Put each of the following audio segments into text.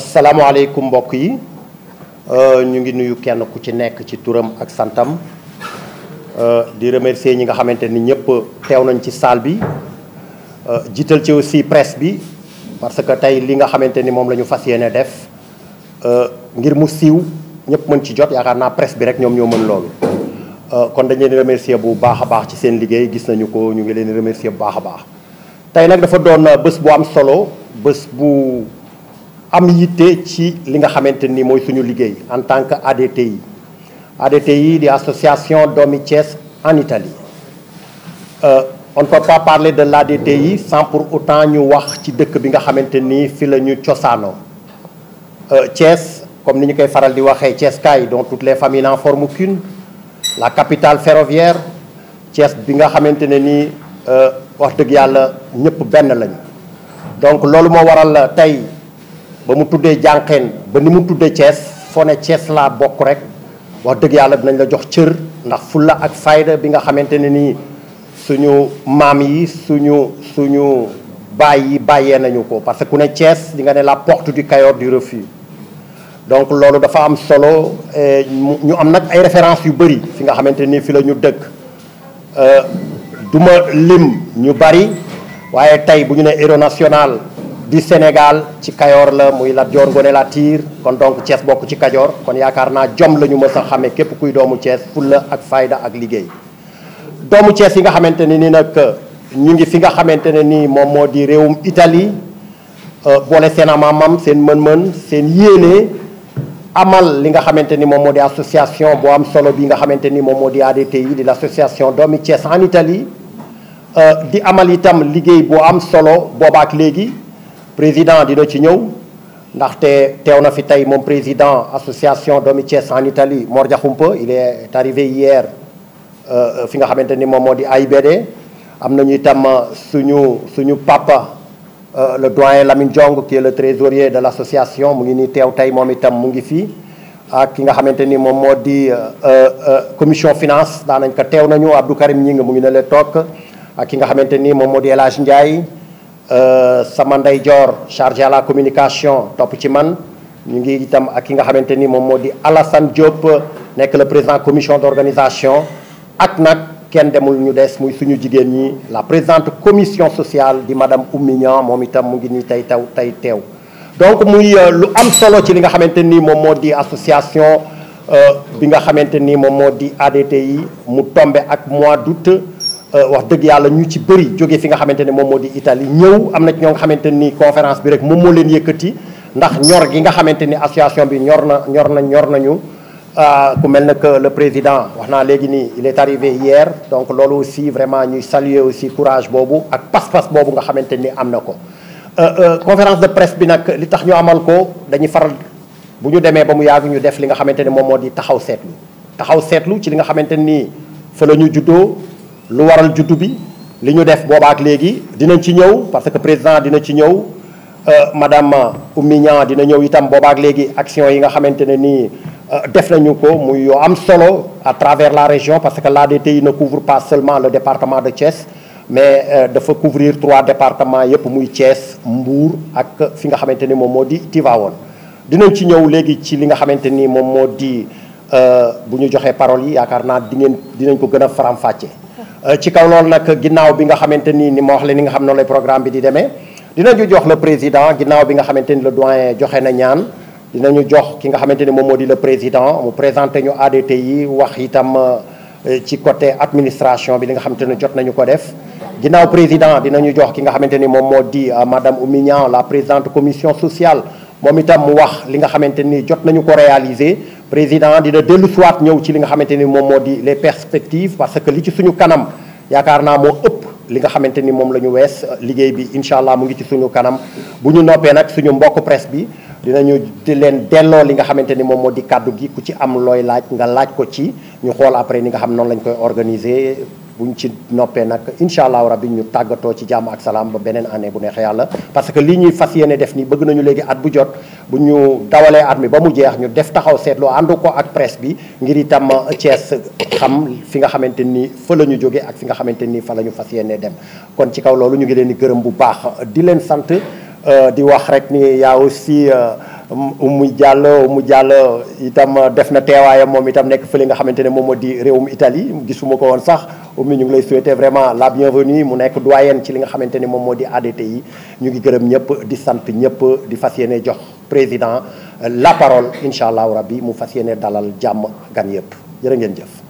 asalaamaaleykum mbokk yi euh, ñu ngi nuyu kenn ku ci nekk ci turam ak santam euh, di remercier ñi nga xamante ni ñëpp teew nañ ci salle bi euh, jiital ci aussi press bi parce que tey li nga xamante ni moom lañu fas yéene def ngir mu siiw ñëpp mën ci jot yaakaar naa presse bi rek ñoom ñoo mën loolu kon dañ leen remercier bu baax a baax ci seen liggéey gis nañu ko ñu ngi leen remercier bu baax a baax tey nag dafa doon bés bu am solo bës bu am yitte ci li nga xamante ni mooy suñu liggéey en tant que ADTI ADTI di association doomi Thiès en Italie euh, on ne peut pas parler de l'ADTI sans pour autant ñu wax ci dëkk bi nga xamante ni fi la ñu cosaanoo euh, Thiès comme ni ñu koy faral di waxee Thiès kaay donc toutes les familles n'en forment qu'une la capitale ferroviaire Thiès bi nga xamante ne nii euh, wax dëgg yàlla ñëpp benn lañu donc loolu moo waral tey ba mu tuddee jànqeen ba ni mu tuddee Thiès foo ne cees laa bokk rek wax dëgg yàlla dinañ la jox cër ndax fulla ak fayda bi nga xamante ne nii suñu maam yi suñu suñu bàyyi bàyyee nañu ko parce que ku ne cees di nga ne la porte du Cayor du refus donc loolu dafa am solo eh, ñu am nag ay références yu bëri fi nga xamante ni fi la ñu dëkk euh, duma lim ñu bëri waaye tey bu ñu ne héros national di Sénégal ci Kayoor la muy la Joor Ngoone Latiir kon donc Thiès bokk ci Kajoor kon yaakaar naa jom la ñu mës a xame képp kuy doomu Thiès fulla ak fayda ak liggéey doomu Thiès yi nga xamante ne ni nag ñu ngi fi nga xamante ne nii moom moo di réewum Italie euh, boole seen amamam seen mën-mën seen yéene amal li nga xamante ni moom moo di association boo am solo bi nga xamante ni moom moo di ADTI di l'association doomi Thiès en Italie euh, di amal itam liggéey boo am solo boobaak léegi président dina ci ñëw ndaxte teew na fi tey moom président association doomi Thiès en Italie Mor Diakhoumpa il est arrivé hier euh, fi nga xamante ni moom moo di AIBD am nañu itam suñu suñu papa euh, le doyen Lamine Diong qui est le trésorier de l' association mu ngi nii teew tey moom itam mu ngi fii ak ki nga xamante ni moom moo di euh, commission finance daanañ ko teew nañu Abdou Karim Ñing mu ngi ne le toog ak ki nga xamante ni moom moo di El Hadj Ndiaye Euh, sama ndeyjoor chargé la communication topp ci man ñu ngi itam ak ki nga xamante ni moom moo di Alassane Diop nekk le président commission d'organisation ak nag kenn demul ñu des muy suñu jigéen ñi la présidente commission sociale di madame Oumy moom itam mu ngi nii tey taw tey teew donc muy euh, lu am solo ci li nga xamante nii moom moo di association euh, bi nga xamante ni moom moo di yi mu tombe ak mois d'août Euh, wax dëgg yàlla ñu ci bëri jóge fi nga xamante ne moom moo di Italie ñëw am na ñoo nga xamante nii conférence bi rek moom moo leen yëkkati ndax ñor gi nga xamante ni association bi ñor na ñor na ñor nañu euh, ku mel na que le président wax naa léegi nii il est arrivé hier donc loolu aussi vraiment ñuy saluer aussi courage boobu ak pas-pas boobu nga xamante ni am na ko euh, conférence de presse bi nag li tax ñu amal ko dañuy faral bu ñu demee ba mu yàgg ñu def li nga xamante ne moom moo di taxaw seetlu lu waral juddu bi li ñu def boobaak léegi dinañ ci ñëw parce que président dina ci ñëw euh, madame Oumy Niang dina ñëw itam boobaak léegi action yi nga xamante ne nii euh, def nañu ko muy yoo am solo à travers la région parce que l'ADTI ne couvre pas seulement le département de Thiès mais euh, dafa couvrir trois départements yépp muy Thiès Mbour ak fi nga xamante ni moom moo di Tivaouane dinañ ci ñëw léegi ci li nga xamante ni moom moo di bu ñu joxee parole yi yaakaar naa di ngeen dinañ ko gën a faram Euh, ci kaw loolu nag ginnaaw bi nga xamante ni ni ma wax leen ni nga xam noonu lay programme bi di demee dinañu jox le président ginnaaw bi nga xamante ni le doyen joxe na ñaan dinañu jox ki nga xamante ni moom moo di le président mu présenté ñu ADT yi wax itam euh, ci côté administration bi li nga xamante ni jot nañu ko def ginnaaw président dinañu jox ki nga xamante ni moom moo di euh, madame Oumy la présidente commission sociale moom itam mu wax li nga xamante ni jot nañu ko réaliser président dina dellu siwaat ñëw ci li nga xamante ni moom moo di les perspective parce que li ci suñu kanam yaakaar naa moo ëpp li nga xamante ni moom la ñu wees liggéey bi incha allah mu ngi ci suñu kanam bu ñu noppee nag suñu mbokk presse bi dinañu di leen delloo li nga xamante ni moom moo di kàddu gi ku ci am looy laaj nga laaj ko ci ñu xool après ni nga xam noonu lañ koy organiser bu ñu ci noppee nag incha allahu rabbi ñu tàggatoo ci jàmm ak salaam ba beneen année bu neexee yàlla parce que lii ñuy fas yéene def ni bëgg nañu léegi at bu jot bu ñu dawalee at mi ba mu jeex ñu def taxaw seetlu ànd ko ak presse bi ngir itam Thiès xam fi nga xamante nii fa la ñu jógee ak fi nga xamante nii fa la ñu fas yéene dem kon ci kaw loolu ñu ngi leen di gërëm bu baax di leen sant euh, di wax rek ni yaa aussi euh, Um, Oumou Diallo Oumou Diallo itam def na teewaayam moom itam nekk fële nga xamante ne moom moo di réewum Italie gisuma ko woon sax Oumou ñu ngi lay souhaiter vraiment la bienvenue mu nekk doyen ci li nga xamante ne moom moo di ADT yi ñu ngi gërëm ñëpp di sant ñëpp di fas yéene jox président euh, la parole incha allahu rabbi mu fas yéene dalal jàmm gan yëpp jërë ngeen jëf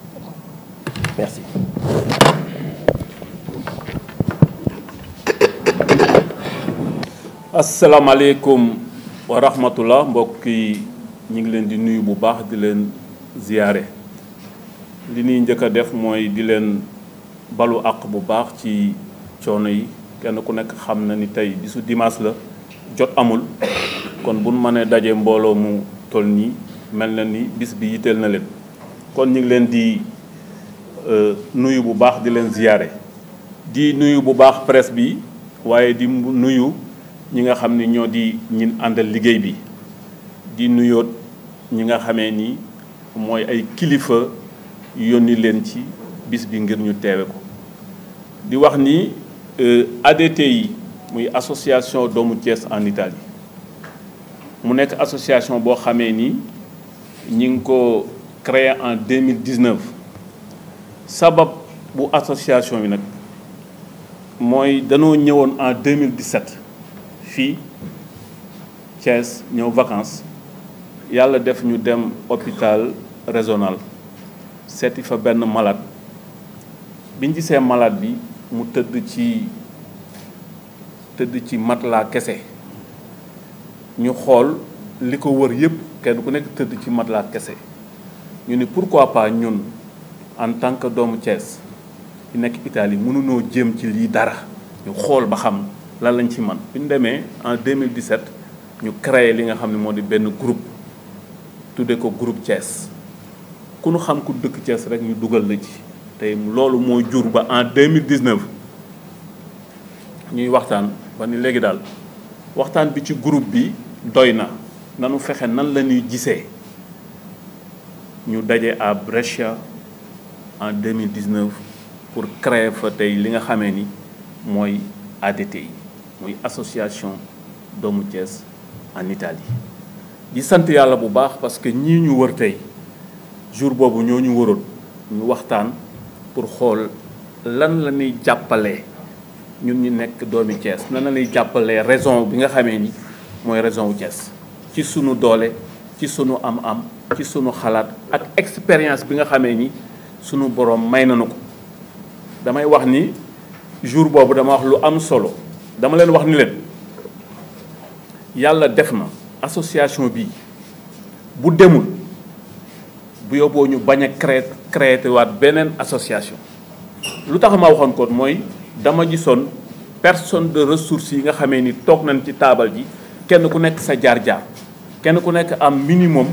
wa rahmatullah mbokk yi ñu ngi leen di nuyu bu baax di leen ziyaare li ñuy njëkk a def mooy di leen balu àq bu baax ci coono yi kenn ku nekk xam na ni tey bisu dimaas la jot amul kon bu ñu mënee daje mbooloo mu toll nii mel na ni bis bi yitteel na leen kon ñu ngi leen di euh, nuyu bu baax di leen ziyaare di nuyu bu baax presse bi waaye di nuyu ñi nga xam ne ñoo di ñin àndal liggéey bi di nuyoot ñi nga xamee ni mooy ay kilifa yónni leen ci bis bi ngir ñu teewe ko di wax ni euh, ADT yi muy association doomu Thiès en Italie mu nekk association boo xamee ni ñi ngi ko créer en 2019 sabab bu association bi nag mooy danoo ñëwoon en 2017 fii cees ñëw vacances yàlla def ñu dem hôpital régional seeti fa benn malaat biñ gisee malaat bi mu tëdd ci tëdd ci laa kese ñu xool li ko wër yépp kenn ku nekk tëdd ci mat laa kese ñu ni pourquoi pas ñun en tant que doomu Thiès yu nekk Italie mënunoo jëm ci lii dara ñu xool ba xam lan lañ ci man bi ñu demee en 2017 ñu créé li nga xam ne moo di benn groupe tuddee ko group Thiès ku nu xam ku dëkk Thiès rek ñu dugal la ci tey loolu moo jur ba en 2019 ñuy waxtaan ba ni léegi daal waxtaan bi ci groupe bi doy na nanu fexe nan la ñuy gisee ñu daje à Brescia en 2019 pour créer fa tey li nga xamee ni mooy ADTI muy association doomu Thiès en Italie di sant yàlla bu baax parce que ñii ñu wër tey jour boobu ñoo ñu wëroon ñu waxtaan pour xool lan la ñuy jàppalee ñun ñu nekk doomi Thiès nan la ñuy jàppalee raison bi nga xamee ni mooy raison wu Thiès ci suñu doole ci suñu am-am ci suñu xalaat ak expérience bi nga xamee ni sunu borom may nañu ko damay wax ni jour boobu dama wax lu am solo. dama leen wax ni leen yàlla def na association bi bu demul bu yóbboo ñu bañ a créer créer waat beneen association lu tax ma waxoon ko mooy dama gisoon personne de ressource yi nga xamee ni toog nañ ci taabal ji kenn ku nekk sa jaar-jaar kenn ku nekk am minimum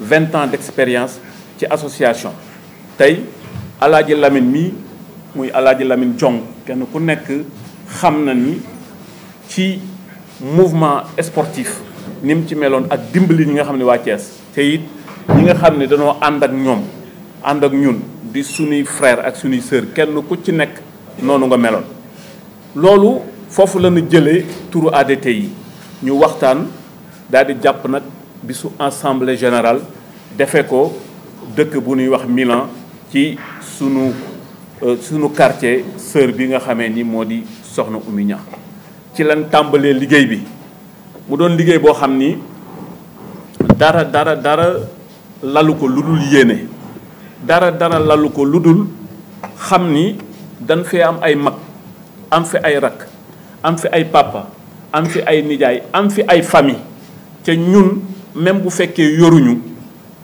vingt ans d'expérience ci association tey alaaji Lamine mii muy alaaji Lamine Jong kenn ku nekk xam na ni ci mouvement sportif ni mu ci meloon ak dimbali ñi nga xam ne waa Thiès te it ñi nga xam ne dañoo ànd ak ñoom ànd ak ñun di suñuy frère ak suñuy sœur kenn ku ci nekk noonu nga meloon loolu foofu la ñu jëlee turu ADT yi ñu waxtaan daal di jàpp nag bisu assemblée général defee ko dëkk bu nuy wax Milan ci sunu euh, sunu quartier sœur bi nga xamee ni moo di soxna Oumy Niang ci lan tàmbalee liggéey bi mu doon liggéey boo xam ni dara dara dara lalu ko lu dul yéene dara dara lalu ko lu dul xam ni dañ fee am ay mag am fi ay rakk am fi ay papa am fi ay nijaay am fi ay famille te ñun même bu fekkee yoruñu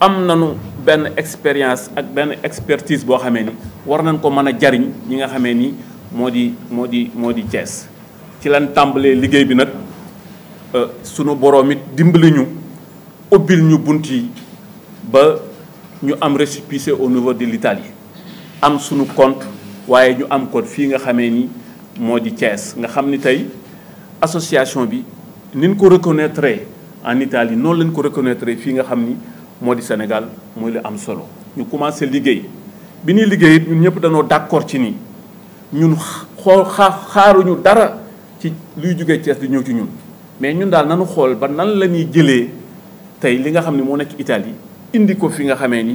am nañu benn expérience ak benn expertise boo xamee ni war nañ ko mën a jariñ ñi nga xamee ni moo di moo di moo di cees ci lan tàmbalee liggéey bi nag euh, sunu boroom it dimbali ñu ubbil ñu bunt yi ba ñu am récépissé au niveau de l'Italie am sunu compte waaye ñu am code fii nga xamee ni moo di Thiès nga xam ni tey association bi niñ ko reconnaître en Italie noonu lañ ko reconnaître fii nga xam ni moo di Sénégal mooy lu am solo ñu commencé liggéey bi ñuy liggéey ñun ñëpp dañoo d'accord ci nii ñun xaaruñu dara ci luy jugee Thiès di ñëw ci ñun mais ñun daal nanu xool ba nan la ñuy jëlee tey li nga xam ne moo nekk Italie indi ko fi nga xamee ni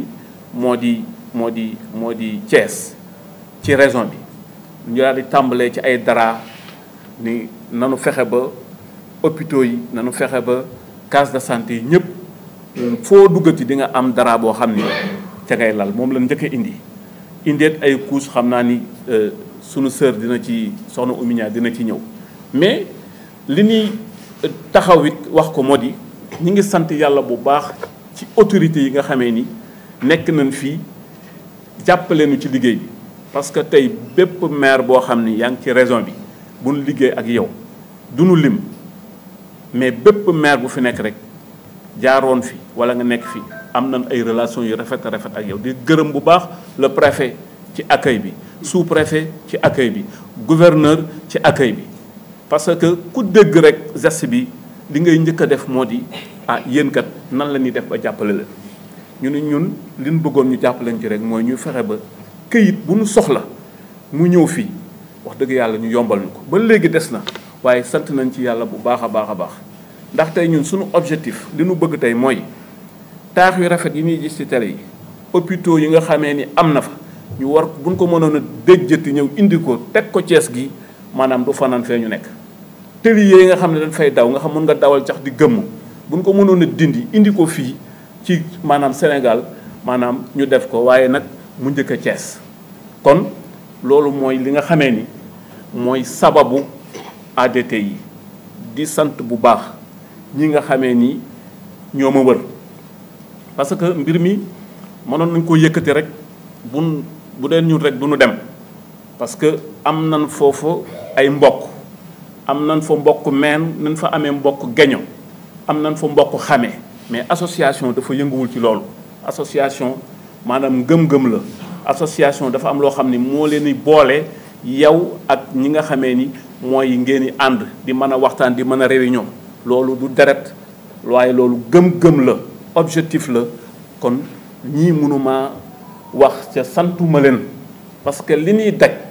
moo di moo di moo di Thiès ci raison bi ñu daal di tàmbalee ci ay dara ni nanu fexe ba hôpitaux yi nanu fexe ba case de santé yi ñëpp foo duggati di nga am dara boo xam ni ca ngay lal moom la njëkk a indi indeet ay couches xam naa ni euh, sunu sœur dina ci soxna Oumy dina ci ñëw mais li ñuy euh, taxaw it wax ko moo di ñi ngi sant yàlla bu baax ci autorité yi nga xamee ni nekk nañ fii jàppaleenu ci liggéey bi parce que tey bépp maire boo xam ni yaa ngi ci région bi bu nu liggéey ak yow du nu lim mais bépp maire bu fi nekk rek jaaroon fi wala nga nekk fi am nañ ay relation yu rafet rafet ak yow di gërëm bu baax le préfet ci accueil bi sous préfet ci accueil bi gouverneur ci accueil bi parce que ku dégg rek geste bi li ngay njëkk a def moo di ah yéen nan la ñuy def ba jàppale la ñu ne ñun li ñu bëggoon ñu jàppaleñ ci rek mooy ñu fexe ba këyit bu ñu soxla mu ñëw fii wax dëgg yàlla ñu yombal ñu ko ba léegi des na waaye sant nañ ci yàlla bu baax a baax a baax ndax tey ñun suñu objectif li nu bëgg tey mooy taax yi rafet yi ñuy gis ci télé yi hôpitaux yi nga xamee ni am na fa ñu war buñ ko mënoon a déjjati ñëw indi ko teg ko Cees gi maanaam du fanaan fee ñu nekk tëli yi nga xam ne dañ fay daw nga xam mën nga dawal cax di gëmm buñ ko mënoon dindi indi ko fii ci maanaam Sénégal maanaam ñu def ko waaye nag mu njëkk a Cees kon loolu mooy li nga xamee ni mooy sababu ADT yi di sant bu baax ñi nga xamee ni ñoo ma wër parce que mbir mi mënoon nañ koo yëkkati rek bun bu dee ñun rek du ñu dem parce que am nañ foofu ay mbokk am nañ fa mbokk meen nañ fa amee mbokk geño am nañ fa mbokk xame mais association dafa yënguwul ci loolu association maanaam ngëm-ngëm la association dafa am loo xam ni moo leen di boole yow ak ñi nga xamee ni mooy ngeen di ànd di mën a waxtaan di mën a réunion loolu du deret waaye loolu gëm-gëm la objectif la kon ñi mënuma wax ca santuma leen parce que li ñuy daj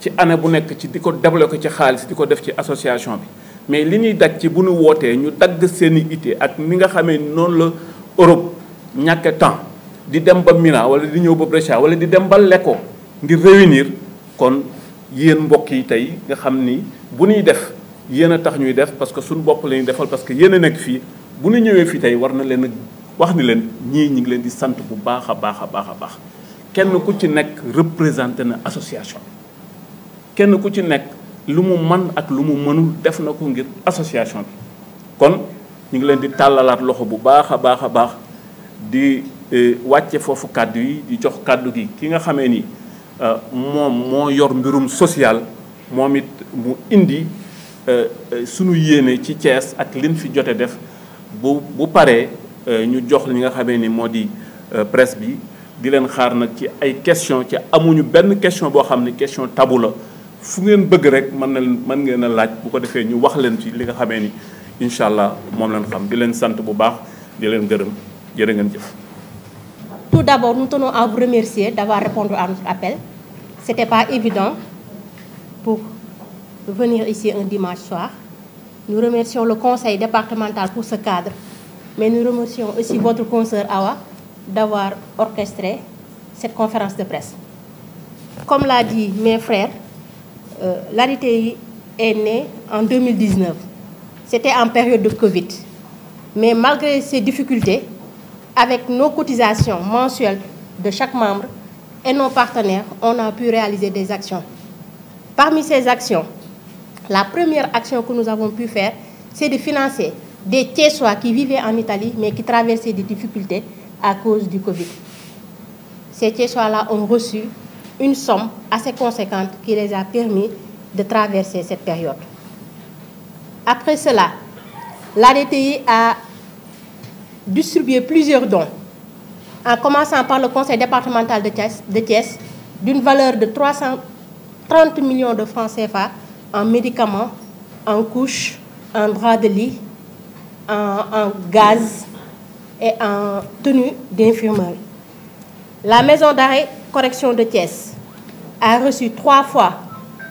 ci année bu nekk ci di ko ko ci xaalis di ko def ci association bi mais li ñuy daj ci bu ñu wootee ñu dagg seen i ak ni nga xamee noonu la Europe ñàkk temps di dem ba Milan wala di ñëw ba Brescia wala di dem ba Lecco ngir réunir kon yéen mbokk yi tey nga xam ni bu ñuy def yéen a tax ñuy def parce que suñ bopp la defal parce que yéen a nekk fii bu ñu ñëwee fii tey war na leen wax ni leen ñii ñu ngi leen di sant bu baax a baax a baax a baax kenn ku ci nekk représenté na association kenn ku ci nekk lu mu man ak lu mu mënul def na ko ngir association bi kon ñu ngi leen di tàllalaat loxo bu baax a baax a baax di eh, wàcce foofu kàddu yi di jox kàddu gi ki nga xamee ni eh, moom moo yor mbirum social moom it mu indi eh, sunu yéene ci Thiès ak lin fi jote def bu bu paree ñu jox li nga xamee ni moo di presse bi di leen xaar nag ci ay question ci amuñu benn question boo xam ne question tabu la fu ngeen bëgg rek man na mën ngeen a laaj bu ko defee ñu wax leen ci li nga xamee ni incha allah moom lañ xam di leen sant bu baax di leen gërëm jërë ngeen jëf. tout d'abord nous tenons à vous remercier d'avoir répondu à notre appel c'était pas évident pour venir ici un dimanche soir nous remercions le conseil départemental pour ce cadre mais nous remercions aussi votre consoeur Awa d'avoir orchestré cette conférence de presse comme l'a dit mes frères euh, l'ADTI est née en 2019. C'était en période de Covid. Mais malgré ces difficultés, avec nos cotisations mensuelles de chaque membre et nos partenaires, on a pu réaliser des actions. Parmi ces actions, la première action que nous avons pu faire, c'est de financer des Thiessois qui vivaient en Italie mais qui traversaient des difficultés à cause du Covid. Ces Thiessois-là ont reçu une somme assez conséquente qui les a permis de traverser cette période. Après cela, la DTI a distribué plusieurs dons, en commençant par le conseil départemental de Thiès, de Thiès d'une valeur de 330 millions de francs CFA en médicaments, en couches, en draps de lit, en, en gaz et en tenue d'infirmerie. La maison d'arrêt correction de Thiès a reçu trois fois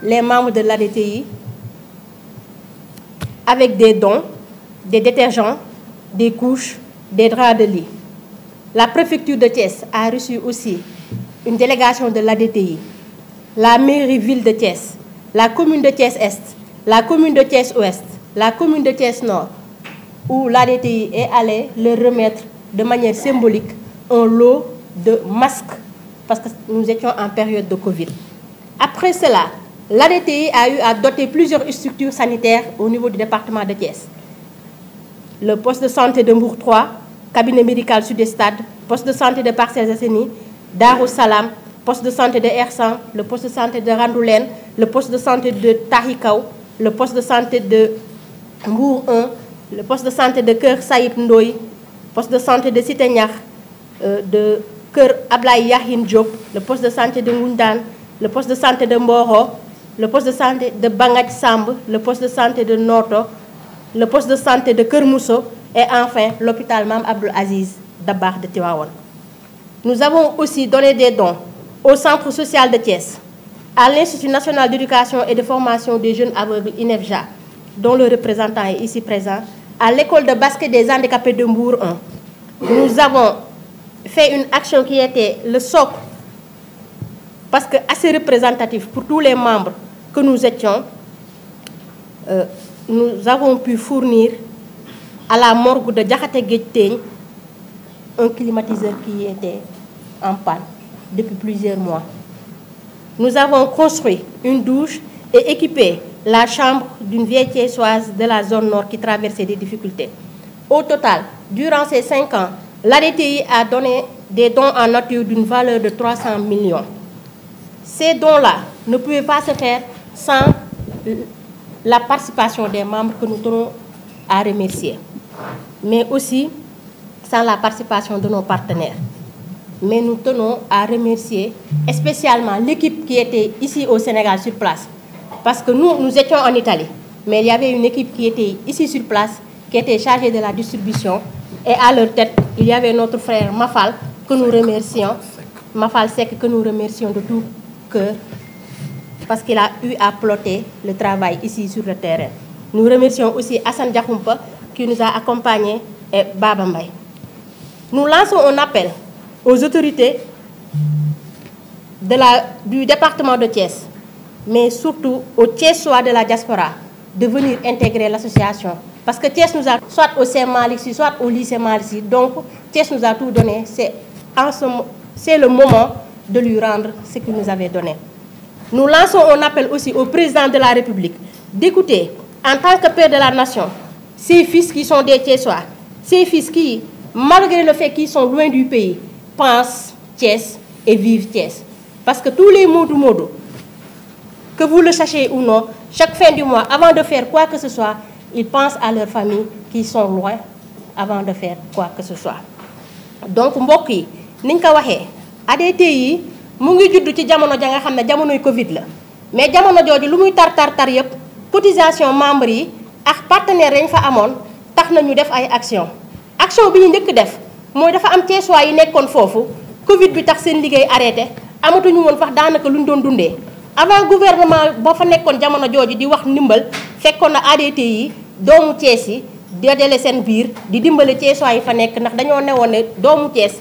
les membres de l'ADTI avec des dons, des détergents, des couches, des draps de lit. La préfecture de Thiès a reçu aussi une délégation de l'ADTI, la mairie ville de Thiès, la commune de Thiès-Est, la commune de Thiès-Ouest, la commune de Thiès-Nord, où l'ADTI est allée le remettre de manière symbolique un lot de masques parce que nous étions en période de Covid. Après cela, l'ADTI a eu à doter plusieurs structures sanitaires au niveau du département de Thiès. Le poste de santé de Mbour 3, cabinet médical Sud-Estade, poste de santé de Parcelles Assainies, Darou Salam, poste de santé de Ersan, le poste de santé de Randoulène, le poste de santé de Tahikaw, le poste de santé de Mbour 1, le poste de santé de Kër Saïb Ndoy, poste de santé de Cité euh, de Kër Ablaye Yahine Diop le poste de santé de Ngoundane le poste de santé de Mboro le poste de santé de Bangaj Samb le poste de santé de Noto le poste de santé de Kër Mousso et enfin l'hôpital Mam Abdou Aziz Dabakh de Tivaouane. Nous avons aussi donné des dons au centre social de Thiès, à l'Institut national d'éducation et de formation des jeunes aveugles INEFJA, dont le représentant est ici présent, à l'école de basket des handicapés de Mbour 1. Nous avons fait une action qui était le socle, parce que assez représentatif pour tous les membres que nous étions, euh, nous avons pu fournir à la morgue de Diakhaté Gueteigne un climatiseur qui était en panne depuis plusieurs mois. Nous avons construit une douche et équipé la chambre d'une vieille tiessoise de la zone nord qui traversait des difficultés. Au total, durant ces cinq ans, l'ADTI a donné des dons en nature d'une valeur de 300 millions. Ces dons-là ne pouvaient pas se faire sans la participation des membres que nous tenons à remercier, mais aussi sans la participation de nos partenaires. Mais nous tenons à remercier spécialement l'équipe qui était ici au Sénégal sur place. Parce que nous, nous étions en Italie, mais il y avait une équipe qui était ici sur place qui était chargé de la distribution. Et à leur tête, il y avait notre frère Mafal, que nous remercions. Mafal Sek, que nous remercions de tout cœur, parce que la eu à ploté le travail ici sur le terrain. Nous remercions aussi Hassan Diakoumpa, qui nous a accompagnés, et Baba Mbaye. Nous lançons un appel aux autorités de la, du département de Thiès, mais surtout aux Thiessois de la diaspora, de venir intégrer l'association Parce que Thiès nous a, soit au CMALIC, soit au donc Thiès nous a tout donné. C'est ce, le moment de lui rendre ce qu'il nous avait donné. Nous lançons un appel aussi au président de la République d'écouter, en tant que père de la nation, ces fils qui sont des Thiessois, ces fils qui, malgré le fait qu'ils sont loin du pays, pensent Thiès et vivent Thiès. Parce que tous les mots du que vous le sachiez ou non, chaque fin du mois, avant de faire quoi que ce soit, Ils pensent à leurs familles qui sont loin avant de faire quoi que ce soit donc mbokk yi ni ko waxee ADT yi mu ngi judd ci jamono ja nga xam ne jamonoy Covid la mais jamono jooju lu muy tar tar tar yëpp cotisation membre yi ak partenaires yañ fa amoon tax na ñu def ay action action bi ñu njëkk def mooy dafa am Thiessois yi nekkoon foofu Covid bi tax seen liggéey arrêté amatuñu woon wax daanaka lu ñu doon dundee. avant gouvernement ba fa nekkoon jamono jooju di wax ndimbal fekkoon na ADT yi doomu Thiès yi dajale seen biir di dimbale Thiessois yi fa nekk ndax dañoo newoon ne doomu Thiès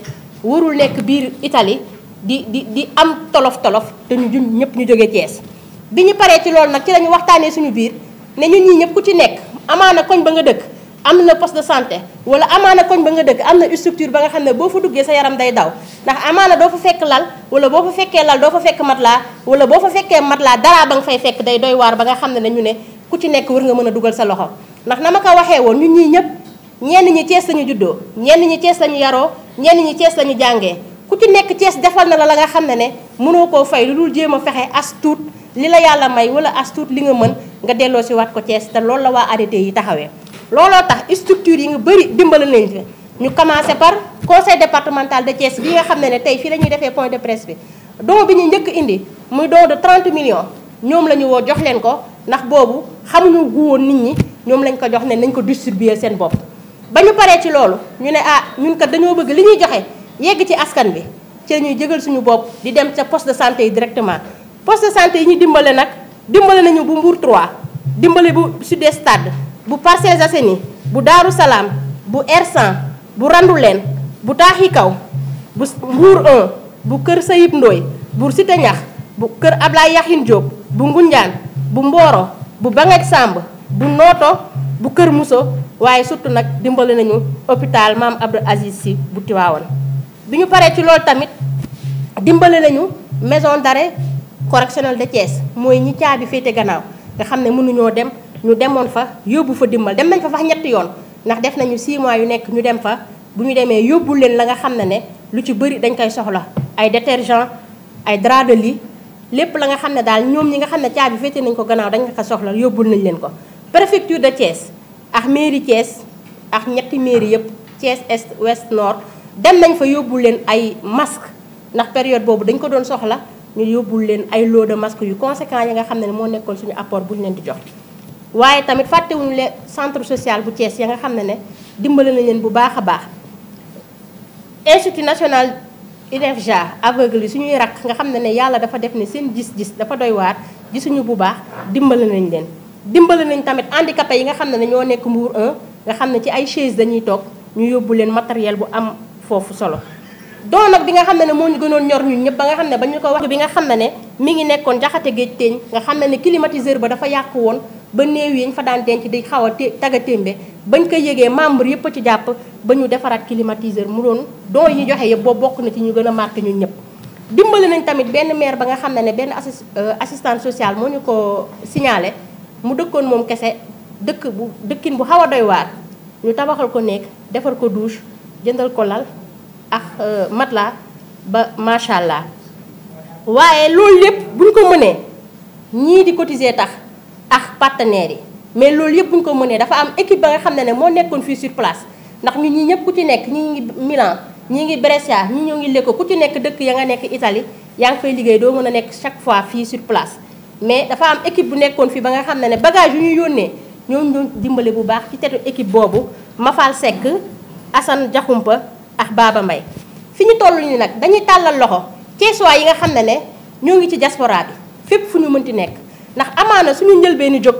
warul nekk biir itali di di di am tolof tolof te ñu jun ñëpp ñu jóge Thiès. bi ñu paree ci loolu nag ci la ñu waxtaanee suñu biir ne ñu ñii ñëpp ku ci nekk amaana koñ ba nga dëkk. am na poste de santé wala amaana koñ ba nga dëkk am na structure ba nga xam ne boo fa duggee sa yaram day daw ndax amaana doo fa fekk lal wala boo fa fekkee lal doo fa fekk matelas wala boo fa fekkee matelas dara ba nga fay fekk day doy waar ba nga xam ne ñu ne ku ci nekk war nga mën a dugal sa loxo na ma ko waxee woon ñun ñii ñëpp ñenn ñi Cees lañu juddoo ñenn ñi Cees lañu yaroo ñenn ñi Cees lañu jàngee ku ci nekk Cees defal na la la nga xam ne ne mënoo koo fay lu dul jéem a fexe as tuut li la yàlla may wala as tuut li nga mën nga delloo ko Cees te loolu la waa arrêté yi taxawee looloo tax structure yi nga bëri dimbali nañ leen ñu commencé par conseil départemental de Thiès bi nga xam ne ne tey fii la ñuy defee point de presse bi don bi ñu njëkk indi muy don de 30 millions ñoom la ñu woo jox leen ko ndax boobu xamuñu guwoon nit ñi ñoom lañ ko jox ne nañ ko distribuer seen bopp ba ñu paree ci loolu ñu ne ah ñun kat dañoo bëgg li ñuy joxe yegg ci askan bi ci ñuy jëgal suñu bopp di dem ca poste de santé yi directement poste de santé yi ñu dimbale nag dimbale nañu bu Mbour dimbale bu Sud Stade bu Parcelles Assainies bu Daaru Salaam bu Ersan bu randu leen bu Taaxi Kaw bu Mbour 1 bu kër Sayib Ndooy bu Cité Ñax bu kër Ablaye Yaxin Diop bu Ngunjaan bu Mbooro bu Bangaj Samb bu Nooto bu kër Muso waaye surtout nag dimbali nañu hôpital Maam Abdou Aziz Sy bu bi ñu paree ci loolu tamit dimbali nañu maison d'arrêt correctionnel de Thiès mooy ñi caabi féete gannaaw nga xam ne mënuñoo dem ñu demoon fa yóbbu fa dimbal dem nañ fa fax ñetti yoon ndax def nañu 6 mois yu nekk ñu dem fa bu ñu demee yóbbu leen la nga xam ne ne lu ci bëri dañ koy soxla ay détergent ay drap de lit lépp la nga xam ne daal ñoom ñi nga xam ne caabi féete nañ ko gannaaw dañ ko soxla yóbbul nañ leen ko préfecture de Thiès ak mairie Thiès ak ñetti mairie yëpp Thiès est ouest nord dem nañ fa yóbbul leen ay masque ndax période boobu dañ ko doon soxla ñu yóbbul leen ay lot de masque yu conséquent yi nga xam ne moo nekkoon suñu apport bu leen di jox waaye tamit fàttewuñu le centre social bu Thiès ya nga xam ne ne dimbali nañ leen bu baax a baax institut national INEFJA aveugle yi suñuy rakk nga xam ne ne yàlla dafa def ne seen gis-gis dafa doy waar gisuñu bu baax dimbali nañ leen dimbali nañ tamit handicapé yi nga xam ne ne ñoo nekk Mbour 1 nga xam ne ci ay chaise dañuy toog ñu yóbbu leen materiel bu am foofu solo doon nag bi nga xam ne ne moo gënoon ñor ñun ñëpp ba nga xam ne ba ñu ko wax bi nga xam ne ne mi ngi nekkoon jaxate géej teeñ nga xam ne ne climatiseur ba dafa yàqu woon ba néew yi ñu fa daan denc di xaw a taga témbe bañ ko yëgee membre yëpp a ci jàpp ba ñu defaraat climatiseur mu doon don yi joxe yëpp boo bokk na ci ñu gën a marqué ñun ñëpp dimbali nañ tamit benn maire ba nga xam ne ne benn euh, assistante sociale moo ko signalé mu dëkkoon moom kese dëkk bu dëkkin bu xaw a doy waar ñu tabaxal ko nekk defar ko douche jëndal ko lal ak euh, la ba macha allah waaye loolu lépp buñ ko mënee ñii di cotiser tax ak partenaires yi mais loolu yëpp bu ñu ko mënee dafa am équipe ba nga xam ne ne moo nekkoon fii sur place ndax ñun ñi ñëpp ku ci nekk ñi ngi Milan ñi ngi Brescia ñi ñoo ngi Lecco ku ci nekk dëkk ya nga nekk Italie yaa ngi fay liggéey doo mën a nekk chaque fois fii sur place mais dafa am équipe bu nekkoon fii ba nga xam ne ne bagage yu ñu yónnee ñooñu doon dimbale bu baax ci tetu équipe boobu Mafal Seck Assane Diakhoumpa ak baaba mbay fi ñu toll nii nag dañuy tàllal loxo Ceesuwaay yi nga xam ne ne ñoo ngi ci diaspora bi fu ñu mënti nekk ndax amaana suñu ni jóg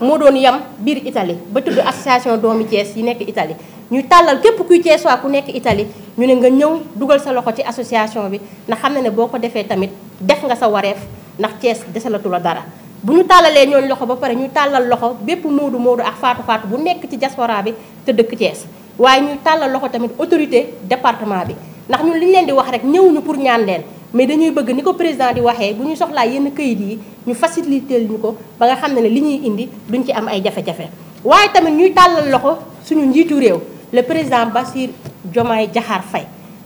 moo doon yam biir Italie ba tudd association doomi Thiès yi nekk itali ñu tàllal képp kuy Thiès waa ku nekk Italie ñu ne nga ñëw dugal sa loxo ci association bi ndax xam na ne boo ko defee tamit def nga sa wareef ndax Thiès desalatu la dara bu ñu tàllalee ñooñu loxo ba pare ñu tàllal loxo bépp moodu moodu ak faatu faatu bu nekk ci diaspora bi te dëkk Thiès waaye ñuy tàllal loxo tamit autorité département bi ndax ñu li leen di wax rek ñëwuñu pour ñaan leen mais dañuy bëgg ni ko président di waxee bu ñu soxlaa yenn këyit yi ñu faciliter ñu ko ba nga xam ne ne li ñuy indi duñ ci am ay jafe-jafe waaye tamit ñuy tàllal loxo suñu njiitu réew le président Bassirou Diomaye Diakhar Faye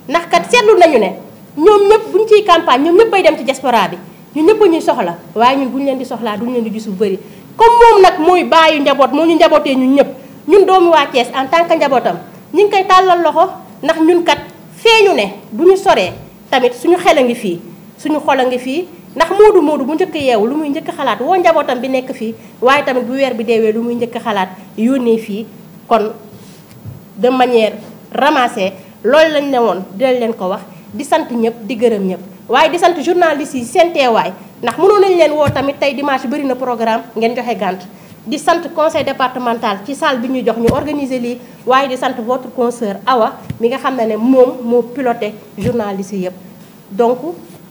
ndax kat seetlu nañu ne ñoom ñëpp buñ ciy campagne ñoom ñëpp ay dem ci diaspora bi ñu ñëpp ñuy soxla waaye ñun buñu leen di soxlaa duñu leen di gis bu bëri comme moom nag mooy bàyyi njaboot moo ñu njabootee ñun ñëpp ñun doomu waa Thiès en tant que njabootam ñi koy tàllal loxo ndax ñun kat feeñu ne bu ñu soree tamit suñu xel a ngi fii suñu xol a ngi fii ndax moodu moodu bu njëkk yeewu lu muy njëkk xalaat woo njabootam bi nekk fii waaye tamit bu weer bi deewee lu muy njëkk xalaat yónnee fii kon de manière ramassée loolu lañ ne woon dinañ leen ko wax di sant ñëpp di gërëm ñëpp waaye di sant journaliste yi seen teewaay ndax mënoon ñu leen woo tamit tey dimanche bëri na programme ngeen joxe gànt di sant conseil départemental ci salle bi ñu jox ñu organiser lii waaye di sant votre consoeur Awa mi nga xam ne ne moom moo piloté journaliste yëpp donc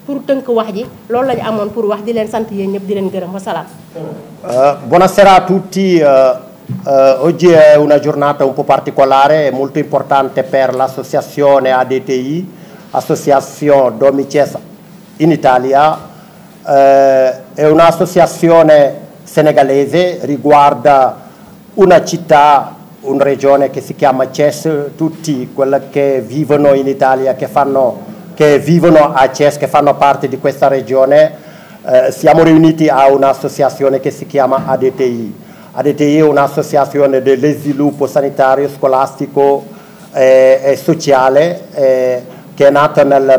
pour tënk wax ji loolu la amoon pour wax di leen sant yéen ñëpp di leen gërëm wasalaam. Euh, buonasera tutti. Eh, oggi è una giornata un po' particolare, molto importante per l'associazione ADTI, Associazione Domices in Italia. Eh, è un'associazione senegalese riguarda una città, una regione che si chiama Ces, tutti quelli che vivono in Italia, che, vivono a Ces, che fanno parte di questa regione, eh, siamo riuniti a un'associazione che si chiama ADTI. ADTI è un'associazione dello sviluppo sanitario, scolastico e, e sociale eh, che è nata nel,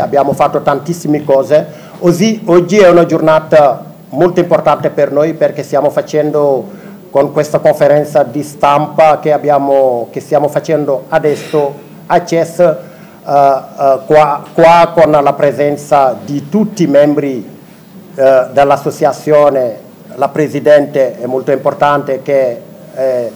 abbiamo fatto tantissime cose Oggi, oggi è una giornata molto importante per noi perché stiamo facendo con questa conferenza di stampa che, abbiamo, che stiamo facendo adesso a CES, eh, eh, qua, qua, con la presenza di tutti i membri eh, dell'associazione, la Presidente è molto importante che eh,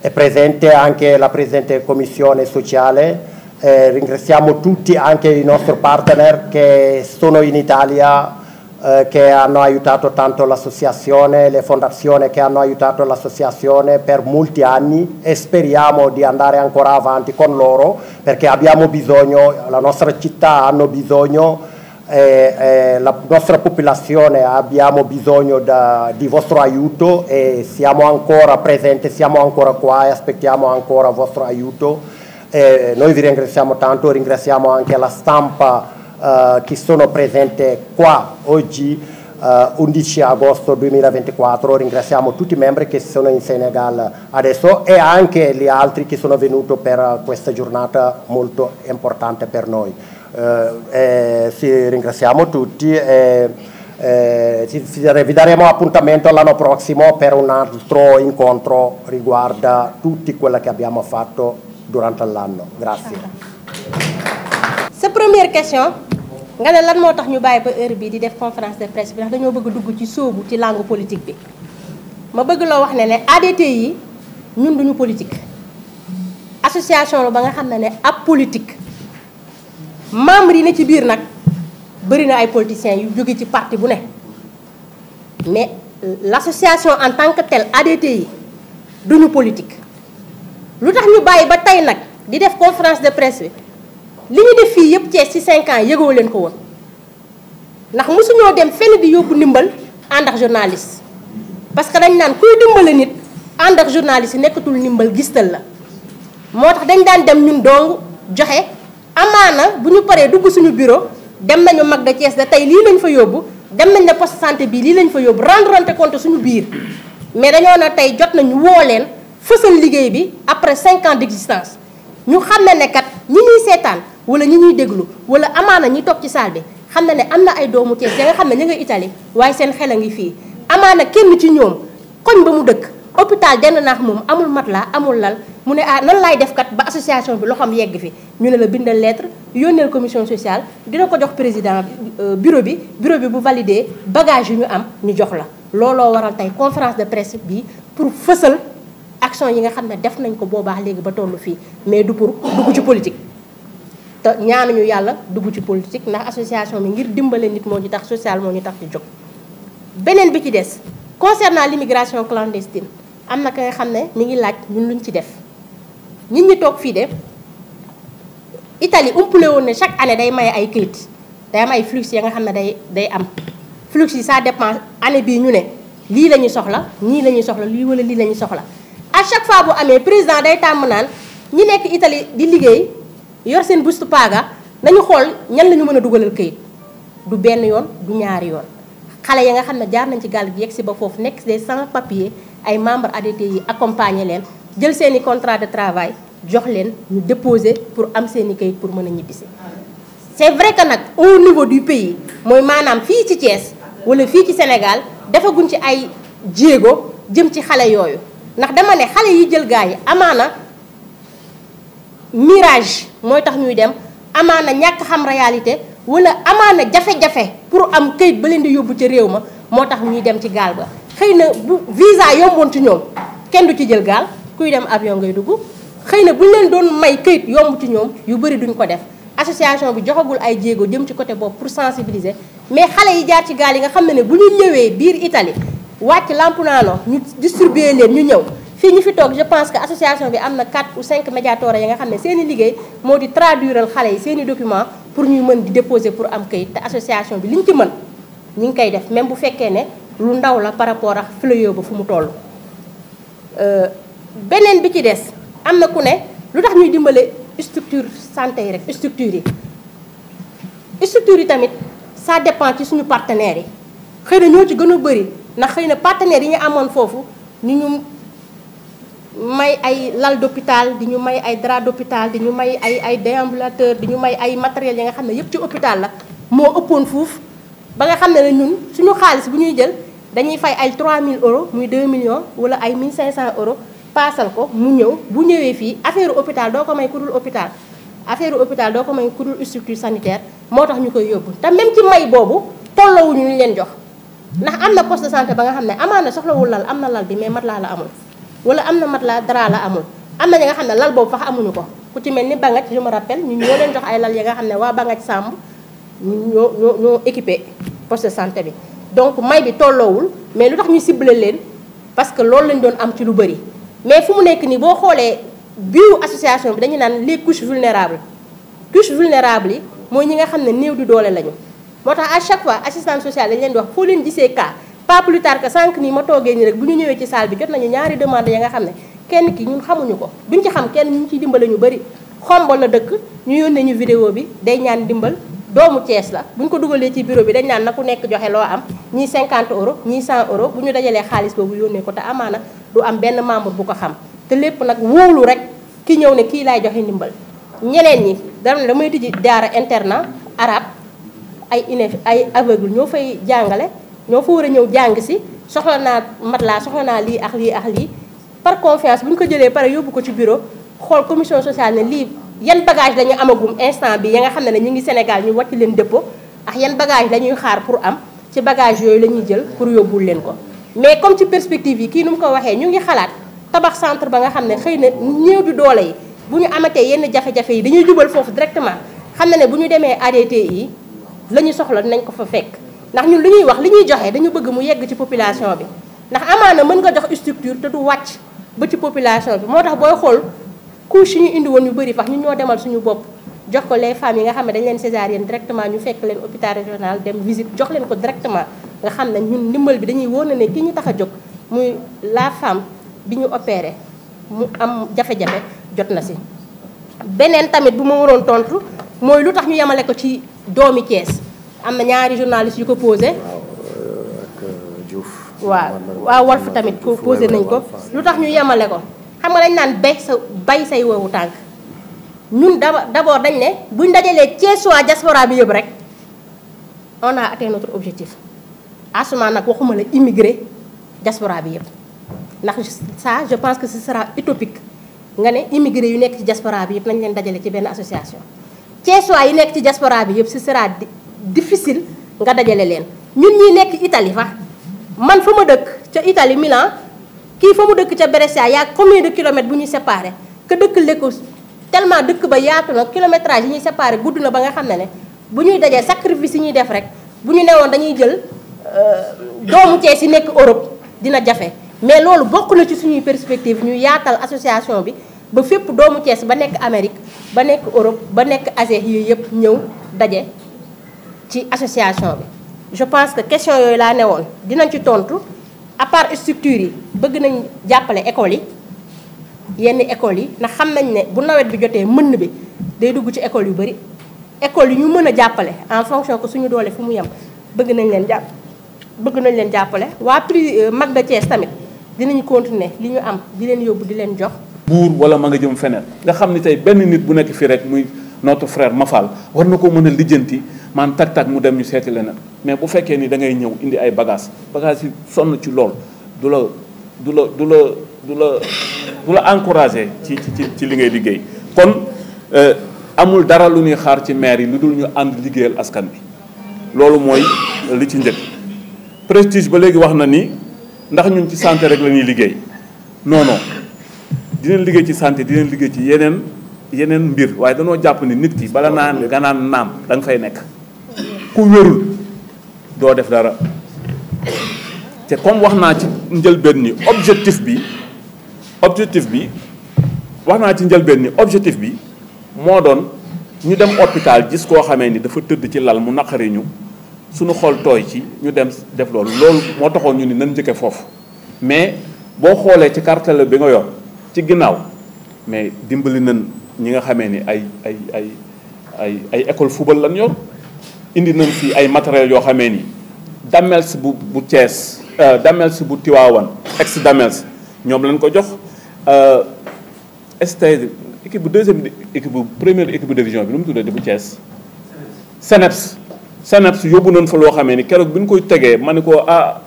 è presente anche la Presidente Commissione Sociale, Eh, ringraziamo tutti, anche i nostri partner che sono in Italia, eh, che hanno aiutato tanto l'associazione, le fondazioni che hanno aiutato l'associazione per molti anni e speriamo di andare ancora avanti con loro perché abbiamo bisogno, la nostra città ha bisogno eh, eh, la nostra popolazione abbiamo bisogno da, di vostro aiuto e siamo ancora presenti, siamo ancora qua e aspettiamo ancora vostro aiuto eh, noi vi ringraziamo tanto, ringraziamo anche la stampa eh, che sono presente qua oggi, eh, 11 agosto 2024, ringraziamo tutti i membri che sono in Senegal adesso e anche gli altri che sono venuti per questa giornata molto importante per noi. Sì, eh, e ringraziamo tutti. E, e vi daremo appuntamento l'anno prossimo per un altro incontro riguardo a tutto che abbiamo fatto durante l'anno grazie sa première question nga ne lan moo tax ñu bàyyi ba heure bi di def conférence de presse bi ndax dañoo bëgg dugg ci sóobu ci langue politique bi ma bëgg la wax ne ne ADT yi ñun duñu politique association la ba nga xam ne ne ab politique membre yi ne ci biir nag bëri na ay politiciens yu jóge ci parti bu ne mais l'association en tant que telle ADT yi duñu politique lu tax ñu bàyyi ba tey nag di def conférence de presse bi li ñu def fii yëpp Thiès ci cinq ans yëgoo leen ko woon ndax mosuñoo dem fenn di yóbbu ndimbal ànd ak journaliste parce que dañ naan kuy dimbale nit ànd ak journaliste nekkatul ndimbal gistal la moo tax dañ daan dem ñun dong joxe amaana bu ñu paree dugg suñu bureau dem nañu mag de Thiès da tey lii lañ fa yóbbu dem nañ ne poste santé bii lii lañ fa yóbbu rendre compte suñu biir mais dañoo na tey jot nañu woo leen fësal liggéey bi après cinq ans d'existence ñu xam ne ne kat ñi ñuy seetaan wala ñi ñuy déglu wala amaana ñi toog ci salle bi xam na ne am na ay doomu Thiès ya nga xam ne ñu nga Italie waaye seen xel a ngi fii amaana kenn ci ñoom koñ ba mu dëkk hôpital denn naax moom amul mat laa amul lal mu ne ah nan laay def kat ba association bi loxoom yegg fi ñu ne la bindal lettre yónneel commission sociale dina ko jox président euh, bureau bi bureau bi bu validé bagage yu ñu am ñu jox la looloo waral tey conférence de presse bi pour fësal action yi nga xam ne def nañ ko boo baax léegi ba tollu fii mais du pour duggu ci politique te ñaanuñu yàlla duggu ci politique ndax association bi ngir dimbale nit moo ñu tax social moo ñu tax di jóg beneen bi ci des concernant limigration clandestine am na ka nga xam ne mi ngi laaj ñun luñ ci def nit ñi toog fii de Italie umpule woon ne chaque année day maye ay këyit day am ay flux ya nga xam ne day day am flux yi ça dépend année bii ñu ne lii la ñuy soxla ñii la ñuy soxla lii wala lii la ñuy soxla à chaque fois bu amee président day tàmm naan ñi nekk Italie di liggéey yor seen bustu paaga nañu xool ñan lañu mën a dugalal këyit du benn yoon du ñaari yoon xale ya nga xam ne jaar nañ ci gàll gi yegg si ba foofu nekk des sans papier ay membre ADT yi accompagner leen jël seeni contrat de travail jox leen ñu déposer pour am seen i këyit pour mën a ñibbisi c'est vrai que nag au niveau du pays mooy maanaam fii ci Thiès wala fii ci Sénégal defaguñ ci ay jéego jëm ci xale yooyu ndax dama ne xale yi jël gars yi amaana mirage mooy tax ñuy dem amaana ñàkk xam réalité wala amaana jafe-jafe pour am këyit ba leen di yóbbu ca réew ma moo tax ñuy dem ci gaal ba xëy na bu visa yomboon ci ñoom kenn du ci jël gaal kuy dem avion ngay dugg xëy na bu ñu leen doon may këyit yomb ci ñoom yu bëri duñ ko def association bi joxagul ay jéego jëm ci côté boobu pour sensibiliser mais xale yi jaar ci gaal yi nga xam ne ne bu ñu ñëwee biir Italie wàcc lampunaano ñu distribuer leen ñu ñëw fii ñu fi toog je pense que association bi am na 4 ou 5 médiateurs yi nga xam ne seen liggéey moo di traduiral xale yi seeni i document pour ñuy mën di déposer pour am kayit te association bi li ñu ci mën ñu ngi koy def même bu fekkee ne lu ndaw la par rapport ak fléau ba fu mu toll euh, beneen bi ci des am na ku ne lu tax ñuy dimbale structure santé yi rek structure yi structure yi tamit sa dépend ci suñu partenaires yi xëy ñoo ci gën a bëri ndax xëy na partenaires yi ñu amoon foofu ni ñu may ay lal d'hôpital di ñu may ay drap d'hôpital di ñu may ay ay déambulateur di ñu may ay matériels yi nga xam ne yëpp ci hôpital la moo ëppoon fuuf ba nga xam ne ne ñun suñu xaalis bu ñuy jël dañuy fay ay mille euros muy 2 millions wala ay 1500 euros paasal ko mu ñëw bu ñëwee fii affaire hôpital doo ko may ku dul hôpital affaire hôpital doo ko may ku dul structure sanitaire moo tax ñu koy yóbbu te même ci may boobu tolloowuñu ñu leen jox ndax am na poste de santé ba nga xam ne amaana soxlawul lal am na lal bi mais matelas la amul wala am na matelas drap la amul am na ñi nga xam ne lal boobu fax amuñu ko ku ci mel ni Bangaj je me rappelle ñun ñoo leen jox ay lal yi nga xam ne waa Bangaj Samb ñoo ñoo ñoo équipé poste de santé bi donc may bi tolloowul mais lu tax ñu ciblé leen parce que loolu lañ doon am ci lu bëri mais fu mu nekk nii boo xoolee biiru association bi dañu naan les couches vulnérables couches vulnérables yi mooy ñi nga xam ne néew di doole lañu moo tax à chaque fois assistante sociale dañ leen di wax foo leen gisee cas pas plus tard que nii ma toogee nii rek bu ñu ñëwee ci salle bi jot nañu ñaari demande ya nga xam ne kenn ki ñun xamuñu ko duñ ci xam kenn ñu ciy dimbale ñu bëri xombal la dëkk ñu yónnee ñu vidéo bi day ñaan dimbal doomu Thiès la bu ñu ko dugalee ci bureau bi dañ naan na ku nekk joxe loo am ñii 50 euros ñii 100 euros bu ñu dajalee xaalis boobu yónnee ko te amaana du am benn membre bu ko xam te lépp nag wóolu rek ki ñëw ne kii laay joxe ndimbal ñeneen ñi dam damay tijji daara internat arabe ay inef ay aveugle ñoo fay jàngale ñoo fa war a ñëw jàng si soxla naa laa soxla naa lii ak lii ak lii par confiance bu ñu ko jëlee pare yóbbu ko ci bureau xool commission sociale ne lii yan bagage dañu amagum instant bi ya nga xam ne ñu ngi Sénégal ñu wàcc leen dépôt ak yan bagage lañuy xaar pour am ci bagage yooyu la ñuy jël pour yóbbul leen ko mais comme ci perspective yi kii nu mu ko waxee ñu ngi xalaat tabax centre ba nga xam ne xëy na ñëw di doole yi bu ñu amatee yenn jafe-jafe yi dañuy jubal foofu directement xam na ne bu ñu demee ADTI la ñu soxla nañ ko fa fekk ndax ñun li ñuy wax li ñuy joxe dañu bëgg mu yegg ci population bi ndax amaana mën nga jox structure te du wàcc ba ci population bi moo tax booy xool couche yi ñu indi woon yu bëri fax ñu ñoo demal suñu bopp jox ko les femmes yi nga xam ne dañ leen césarienne directement ñu fekk leen hôpital régional dem visite jox leen ko directement nga xam ne ñun ndimbal bi dañuy wóor na ne ki ñu tax a jóg muy la femme bi ñu opéré mu am jafe jot na si beneen tamit bu ma waroon tontu mooy lu tax ñu yemale ko ci doomi Thiès am na ñaari journaliste yu ko posé. waaw euh, waaw Walf tamit ko nañ ko lu tax ñu yemale ko xam nga dañ naan bay sa bay say wowu tànk ñun d'abord dañ ne buñ dajalee Thiès waa diaspora bi yëpp rek on a atteint notre objectif asuma nag waxuma la immigré diaspora bi yëpp ndax ça je pense que ce sera utopique nga ne immigré yu nekk ci diaspora bi yëpp nañ leen dajale ci benn association Thiessois yi nekk ci diaspora bi yëpp ce sera difficile nga dajale leen ñun ñi nekk Italie fa man fa ma dëkk ca Italie Milan kii fa mu dëkk ca Brescia yaa combien de kilomètres bu ñuy séparé que dëkk Lecco tellement dëkk ba yaatu na kilométrage yi ñuy séparé gudd na ba nga xam ne ne bu ñuy dajee sacrifice yi ñuy def rek bu ñu newoon dañuy jël euh, doomu Thiès yi nekk Europe dina jafe mais loolu bokk na ci suñuy perspective ñu yaatal association bi ba fépp doomu Cees ba nekk Amérique ba nekk Europe ba nekk Asie yii yëpp ñëw daje ci association bi. je pense que question yooyu laa nee woon dinañ ci tontu à part structure yi bëgg nañ jàppale école yi yenn écoles yi ndax xam nañ ne bu nawet bi jotee mën bi day dugg ci école yu bëri école yi ñu mën a jàppale en fonction ko suñu doole fu mu yem bëgg nañ leen jàpp bëgg nañ leen jàppale waa prix euh, mag de Thiès tamit dinañ continuer li ñu am di leen yóbbu di leen jox buur wala ma nga jëm feneen nga xam ni tey benn nit bu nekk fii rek muy notre frère Mafal war na ko mën a lijjanti man tak tak mu dem ñu seeti leneen mais bu fekkee ni da ñëw indi ay bagage bagage yi sonn ci lool du la du la du la du la du la encouragé ci ci ci li ngay liggéey kon euh, amul dara lu ñuy xaar ci maire yi lu dul ñu ànd liggéeyal askan bi loolu mooy li ci njëkk prestige ba léegi wax na ni ndax ñun ci santé rek la ñuy liggéey non dinañ liggéey ci santé dinañ liggéey ci yeneen yeneen mbir waaye danoo jàpp ni nit ki bala naan nga naan naam da nga fay nekk ku wérul doo def dara te comme wax naa ci njëlbeen ni objectif bi objectif bi wax naa ci njëlbeen ni objectif bi moo doon ñu dem hôpital gis koo xamee ni dafa tëdd ci lal mu naqari ñu suñu xol tooy ci ñu dem def loolu loolu moo taxoon ñu ni nan njëkke foofu mais boo xoolee ci cartel bi nga yor ci ginnaaw mais dimbali nañ ñi nga xamee ni ay ay ay ay ay école football lañ yor indi nañ fii ay matériels yoo xamee ni damels bu bu Thiès euh, damels bu Tiwaawan ex damels ñoom lañ ko jox euh, stade équipe bu deuxième équipe bu première équipe bu division bi nu mu tuddee di bu Thiès seneps seneps yóbbu nañ fa loo xamee ni keroog bi ñu koy tegee ma ne ko ah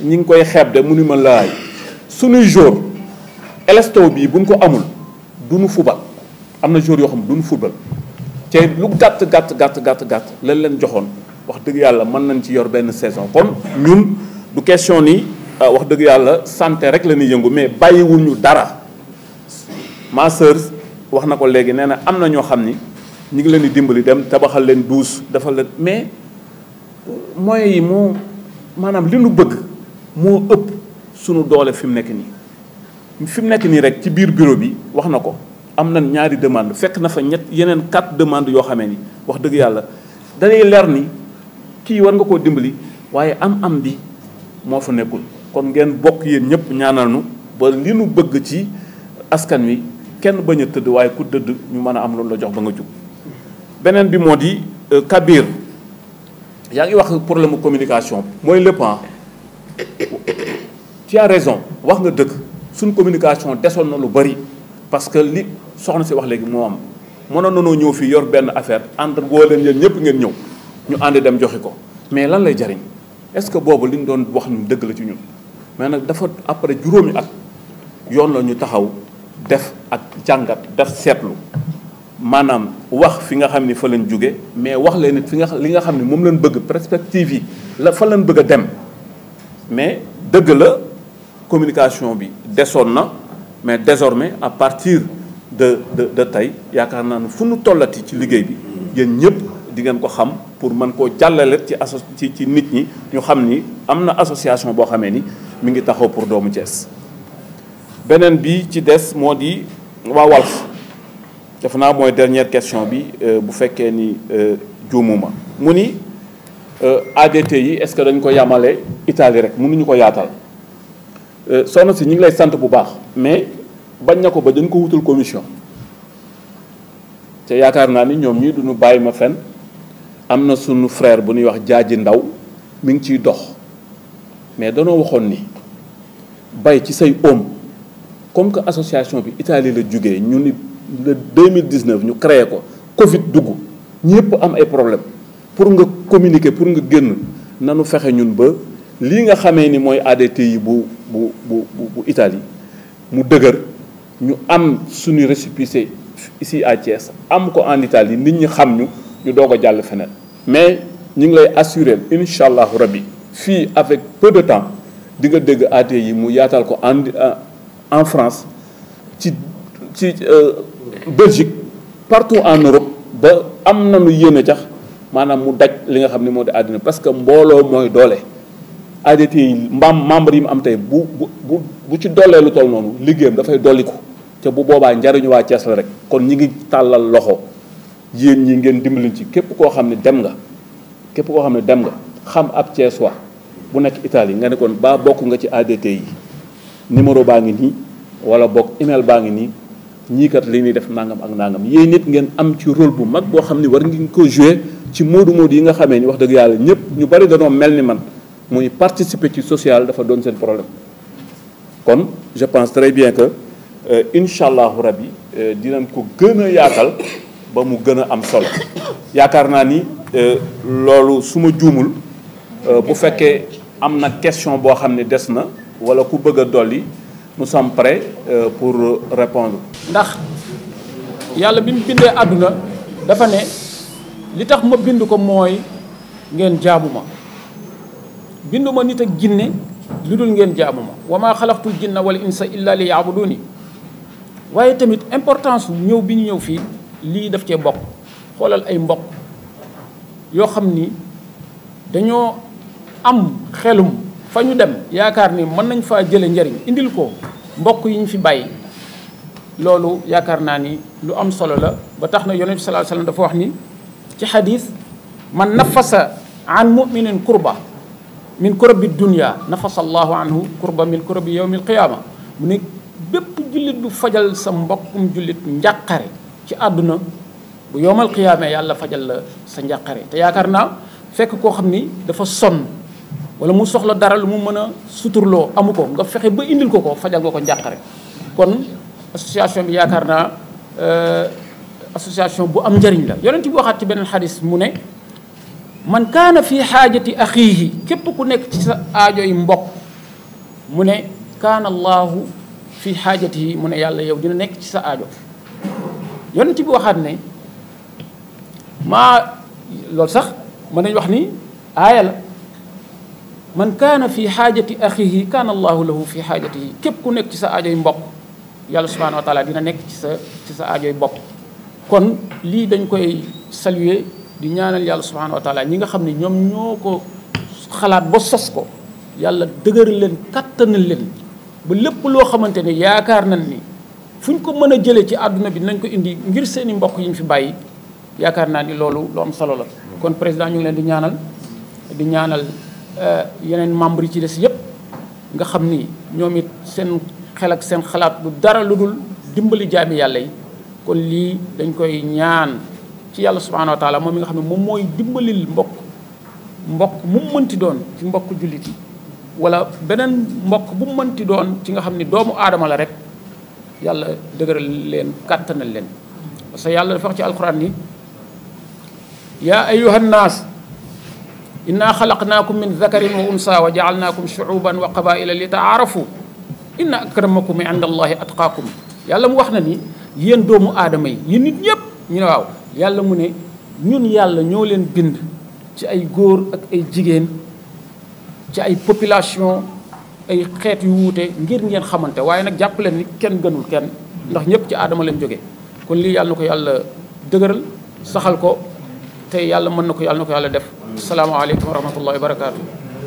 ñi ngi koy xeeb de mu ni ma laay suñuy jour élesto bii buñ ko amul du nu fubal am na jour yoo xam ne du nu fubal te lu gàtt gàtt gàtt gàtt gàtt lañ leen joxoon wax dëgg yàlla mën nañ ci yor benn saison kon ñun du question ni euh, wax dëgg yàlla santé rek la yëngu mais bàyyiwuñu dara ma wax na ko léegi nee na am na ñoo xam ni ñu ngi leen di dimbali dem tabaxal leen douze dafa leen mais moyens yi moo maanaam li nu bëgg moo ëpp sunu doole fi mu nekk nii fi mu nekk nii rek ci biir bureau bi wax na ko am na ñaari demande fekk na fa ñett yeneen quatre demande yoo xamee ni wax dëgg yàlla dalay leer ni kii war nga koo dimbali waaye am-am bi moo fa nekkul kon ngeen bokk yéen ñëpp ñaanal nu ba li nu bëgg ci askan wi kenn bañ a tëdd waaye ku dëdd ñu mën a am loolu la jox ba nga jug beneen bi moo di euh, Kabir yaa ngi wax problème communication mooy lépp ah tu raison wax nga dëgg suñ communication desoon na lu bëri parce que li soxna si wax léegi moom am na nanoo ñëw fii yor benn affaire ànd woo leen yéen ñëpp ngeen ñëw ñu ànd dem joxe ko mais lan lay jariñ est-ce que boobu li ñu doon wax nu dëgg la ci ñun mais nag dafa après juróomi ak yoon la ñu taxaw def ak jàngat def seetlu maanaam wax fi nga xam ni fa lañ jóge mais wax leen nit fi nga li nga xam ni moom lañ bëgg perspective yi la fa lañ bëgg a dem mais dëgg la communication bi desoon na mais désormais à partir de de tey yaakaar naa ne fu nu tollati ci liggéey bi yéen ñëpp di ngeen ko xam pour mën koo jàllale ci aso ci ci nit ñi ñu xam ni am na association boo xamee ni mi ngi taxaw pour doomu Thiès beneen bi ci des moo di waa Walf def naa mooy dernière question bi euh, bu fekkee ni euh, juumuma mu ni euh, ADT yi est-ce que dañ ko yamale Italie rek mënuñu ko yaatal Euh, soxna si ñu ngi lay sant bu baax mais bañ na ko ba dañ ko wutal commission te yaakaar naa ni ñoom ñii duñu bàyyi ma fen am na sunu frère bu ñuy wax jaaji ndaw mi ngi ciy dox mais danoo waxoon ni bay ci say oom comme que association bi Italie la jógee ñu ni le 2019 ñu créé ko Covid dugg ñëpp am ay problème pour nga communiquer pour nga génn nanu fexe ñun ba lii nga xamee ni mooy ADT yi bu bu bu bu Italie mu dëgër ñu am suñu récépissé ici à am ko en Italie nit ñi xam ñu ñu doog a jàll feneen mais ñu ngi lay assurer incha allahu rabbi fii avec peu de temps di nga dégg ADT yi mu yaatal ko en euh, en France ci ci euh, Belgique partout en Europe ba am na nu yéene cax maanaam mu daj li nga xam ne moo di àddina parce que mbooloo mooy doole. ADT yi mbaam membre yi mu am tey bu bu bu bu ci dollee lu toll noonu liggéeyam dafay dolliku te bu boobaa njariñu waa Thiès la rek kon ñi ngi tàllal loxo yéen ñi ngeen dimbaliñ ci képp koo xam ne dem nga képp koo xam ne dem nga xam ab Thiès wa bu nekk Italie nga ne kon baa bokk nga ci ADT yi numéro baa ngi nii wala bokk email baa ngi nii ñii kat li ñuy def nangam ak nangam yéen nit ngeen am ci rôle bu mag boo xam ni war ngeen ko jouer ci moodu moodu yi nga xamee ni wax dëgg yàlla ñëpp ñu bari danoo mel ni man muy participer ci social dafa doon seen problème kon je pense très bien que euh, incha allahu rabi euh, dinañ ko gën a yaatal ba mu gën a am solo yaakaar naa ni euh, loolu su ma juumul bu fekkee am na question boo xam ne des na wala ku bëgg a dolli mu sommes prêts pour répondre ndax yàlla bi mu bindee àdduna dafa ne li tax ma bind ko mooy ngeen jaamu ma binduma nit ak jinne lu dul ngeen jaamu ma wa maa xalaqtu jinna wal insa illa li yaabuduni waaye tamit importance ñëw bi ñu ñëw fii lii def cee bokk xoolal ay mbokk yoo xam ni dañoo am xelum fa ñu dem yaakaar ni mën nañ faa jële njariñ indil ko mbokk yi ñu fi bàyyi loolu yaakaar naa ni lu am solo la ba tax na yonent bi sallallahu dafa wax ni ci xadis man nafasa an muminin kurba min kurabi dunia nafasallahu anhu kurba min kurabi yawmil qiyaama mu ne bépp jullit bu fajal sa mbokkum jullit njàqare ci àdduna bu yowmal qiyaama yàlla fajal la sa njàqare te yaakaar naa fekk koo xam ni dafa sonn wala mu soxla dara lu mu mën a suturloo amu ko nga fexe ba indil ko ko fajal nga ko njàqare kon association bi yaakaar naa euh, association bu am njëriñ la yonent bi waxaat ci beneen xadis mu ne man kaana fi xaajati axiihi képp ku nekk ci sa aajoy mbokk mu ne kaana allahu fi xaajatihi mu ne yàlla yow dina nekk ci sa aajo yonent bi waxaat ne maa loolu sax mën nañ wax ni aaya la man kaana fi xaajati axiihi kaana allahu lahu fi xaajatihi képp ku nekk ci sa aajoy mbokk yàlla subhanahu wa taala dina nekk ci sa ci sa aajoy bopp kon lii dañ koy saluer di ñaanal yàlla subhanahu wa taala ñi nga xam ne ñoom ñoo ko xalaat ba sos ko yàlla dëgëral leen kattanal leen ba lépp loo xamante ni yaakaar nañ ni fu ñu ko mën a jëlee ci àdduna bi nañ ko indi ngir seeni mbokk yi ñu fi bàyyi yaakaar naa ni loolu lu am solo la. kon président ñu ngi leen di ñaanal di ñaanal euh, yeneen membre yi ci des yépp nga xam ni ñoom it seen xel ak seen xalaat bu dara lu dul dimbali jaami yàlla yi kon lii dañ koy ñaan. ci yàlla subhanahu wa taala moom mi nga xam ne moom mooy dimbalil mbokk mbokk mu mënti doon ci mbokk jullit yi wala beneen mbokk bu mënti doon ci nga xam ni doomu aadama la rek yàlla dëgëral leen kàttanal leen parce que yàlla dafa wax ci alquran ni yaa ayyuhan naas inna xalaqnaakum min dakarin wa unsa wa jaalnaakum shuuban wa qabaila li taarafu inna akramakum inda allahi yàlla mu wax na ni yéen doomu aadama yi yéen nit ñëpp ñu ne waaw yàlla mu ne ñun yàlla ñoo leen bind ci ay góor ak ay jigéen ci ay population ay xeet yu wuute ngir ngeen xamante waaye nag jàpp leen ni kenn gënul kenn ndax ñëpp ci aadama leen jóge kon lii yàlla na ko yàlla dëgëral saxal ko te yàlla mën na ko yàlla ko yàlla def salaamaaleykum wa rahmatullahi wa barakaatu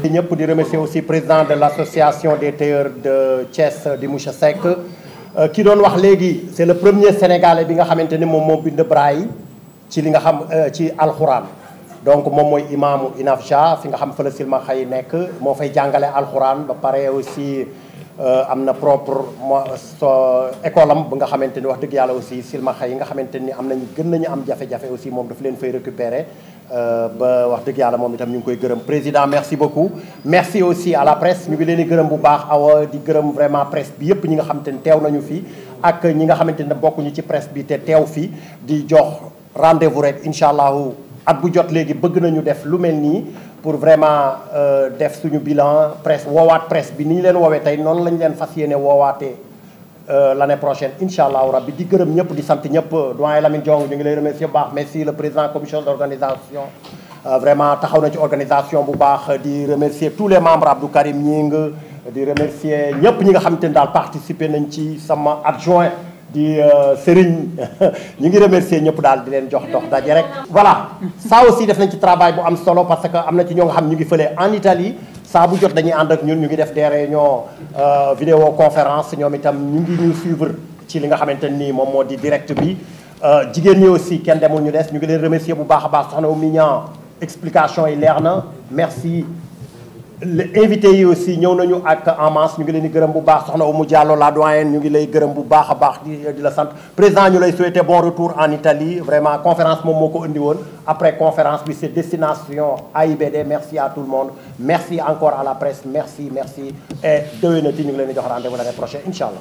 ñëpp di remercier aussi président de l'association des tailleurs de Thiès di monsieur Seck euh, ki doon wax léegi c'est le premier sénégalais bi nga xamante ni moom moo bind braille ci li nga xam euh, ci alxuraan donc moom mooy imaamu INAFJA fi nga xam fële silmaxa yi nekk moo fay jàngale alxuraan ba pare aussi euh, am na propre mo école am bu nga xamante ni wax dëgg yàlla aussi silmaxa yi nga xamante ni am nañ gën nañu am jafe-jafe aussi moom daf leen fay récupérer euh, ba wax dëgg yàlla moom itam ñu ngi koy gërëm président merci beaucoup merci aussi à la presse ñu ngi leen di gërëm bu baax awa di gërëm vraiment presse bi yëpp ñi nga xamante ni teew nañu fii ak ñi nga xamante ni bokkuñu ci presse bi te teew fii di jox rendez-vous rek incha allahu at bu jot léegi bëgg nañu def lu mel nii pour vraiment euh, def suñu bilan presse woowaat presse bi ni ñu leen woowee tey noonu lañu leen fas yéene woowaatee euh, l'année prochaine incha allahu bi di gërëm ñëpp di sant ñëpp doyen Lamine Diong ñu ngi lay remercier bu baax merci le président commission d'organisation euh, vraiment taxaw na ci organisation bu baax di remercier tous les membres Abdou Karim Ñing di remercier ñëpp ñi nga xamante ni daal participer nañ ci sama adjoint di euh, Serigne ñu ngi remercier ñëpp daal di leen jox dox daje rek. voilà ça aussi def nañ ci travail bu am solo parce que am na ci ñoo nga xam ñu ngi fële en Italie saa bu jot dañuy ànd ak ñun ñu ngi def des réunions euh, vidéo conférence ñoom itam ñu ngi ñu suivre ci li nga xamante nii moom moo di direct bi. Euh, jigéen ñi aussi kenn demul ñu des ñu ngi leen remercier bu baax a baax soxna Oumy Niang explication yi leer na merci. invité yi aussi ñëw nañu ak en masse ñu ngi leen di gërëm bu baax soxna Oumou Diallo la doyenne ñu ngi lay gërëm bu baax a baax di di la sant président ñu lay souhaiter bon retour en Italie vraiment conférence moom moo ko indi woon après conférence bi c'est destination AIBD merci à tout le monde merci encore à la presse merci merci et déwénati ñu ngi leen di jox rendez-vous l'année prochaine incha